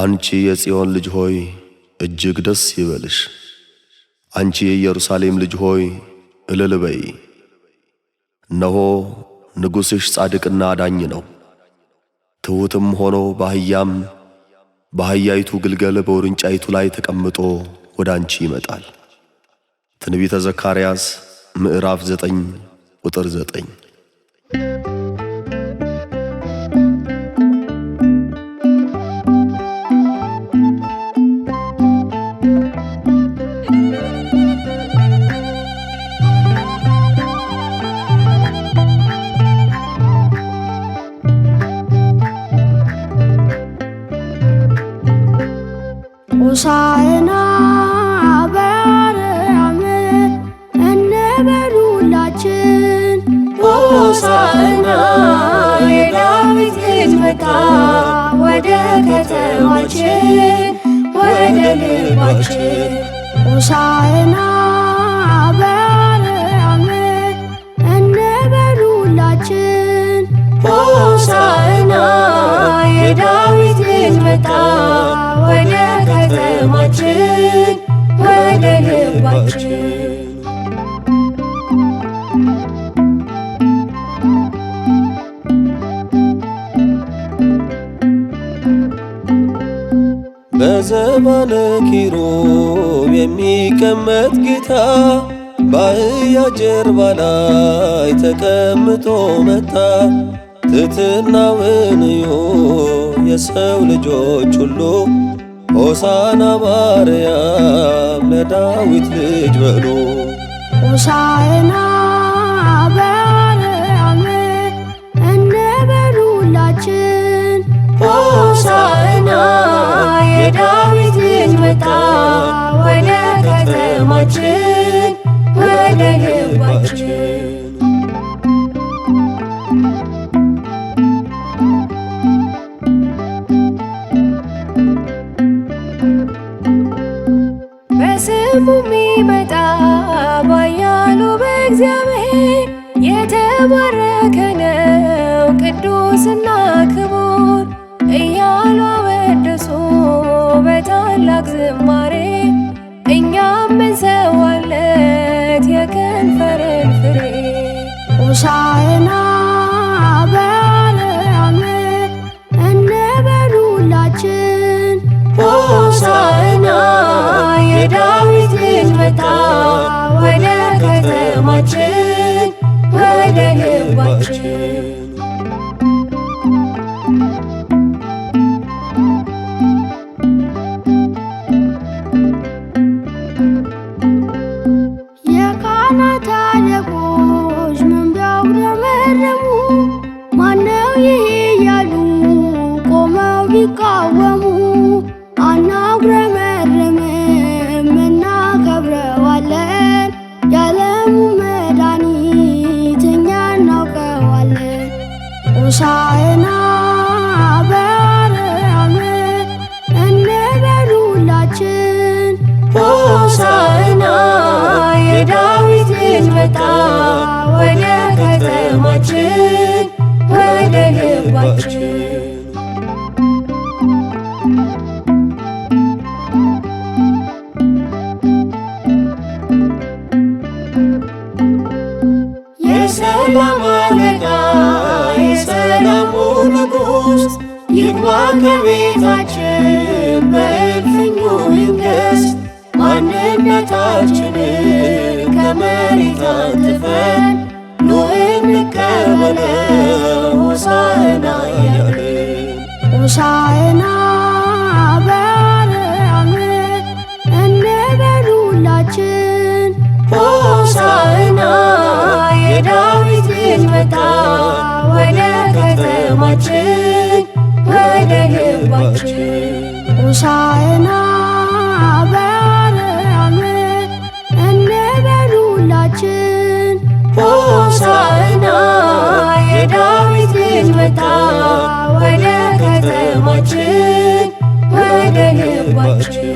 አንቺ የጽዮን ልጅ ሆይ እጅግ ደስ ይበልሽ፣ አንቺ የኢየሩሳሌም ልጅ ሆይ እልል በይ። እነሆ ንጉሥሽ ጻድቅና አዳኝ ነው፣ ትሑትም ሆኖ በአህያም በአህያይቱ ግልገል በውርንጫይቱ ላይ ተቀምጦ ወደ አንቺ ይመጣል። ትንቢተ ዘካርያስ ምዕራፍ ዘጠኝ ቁጥር ዘጠኝ ሆሳዕና በአርያም እንበል ሁላችን ሆሳዕና የዳዊት ልጅ መጣ ወደ ከተማችን ወደ ልባችን ሆሳዕና በአርያም እንበል ሁላችን ሆሳዕና የዳዊት ልጅ መጣ ወደ ከተማችን ወደ ልባችን በዘባነ ኪሩብ የሚቀመጥ ጌታ በአህያ ጀርባ ላይ ተቀምጦ መጣ። ትሕትናውን እዩ የሰው ልጆች ሁሉ ሆሳና ባርያም ለዳዊት ልጅ በሉ ሆሳና ባርያም እንበሉላችን ሆሳና የዳዊት ልጅ መጣ ወደ ከተማችን በክፉ የሚመጣ ባያሉ በእግዚአብሔር የተባረከ ነው ቅዱስና ክቡር እያሉ አወደሱ በታላቅ ዝማሬ እኛም ምንሰዋለት የከንፈርን ፍሬ ሆሳዕና በአርያም እንበል የዳዊት ልጅ መጣ ወደ ከተማችን ወደ ልባችን ቢቃወሙ አናጉረመ ሆሳዕና በአርያም እንበል ሁላችን ሆሳዕና የዳዊት ልጅ መጣ ወደ ከተማችን ወደ ልባችን አለቃ ይግባ ከቤታችን በእልፍኙ ይንገስ ማንነታችን ከመሬት አንጥፈን ኑ እንቀበለው ሆሳዕና እያልን ሆሳዕና በአርያም እንበል ሁላችን ሆሳዕና የዳዊት ልጅ መጣ ወደ ከተማችን ወደ ልባችን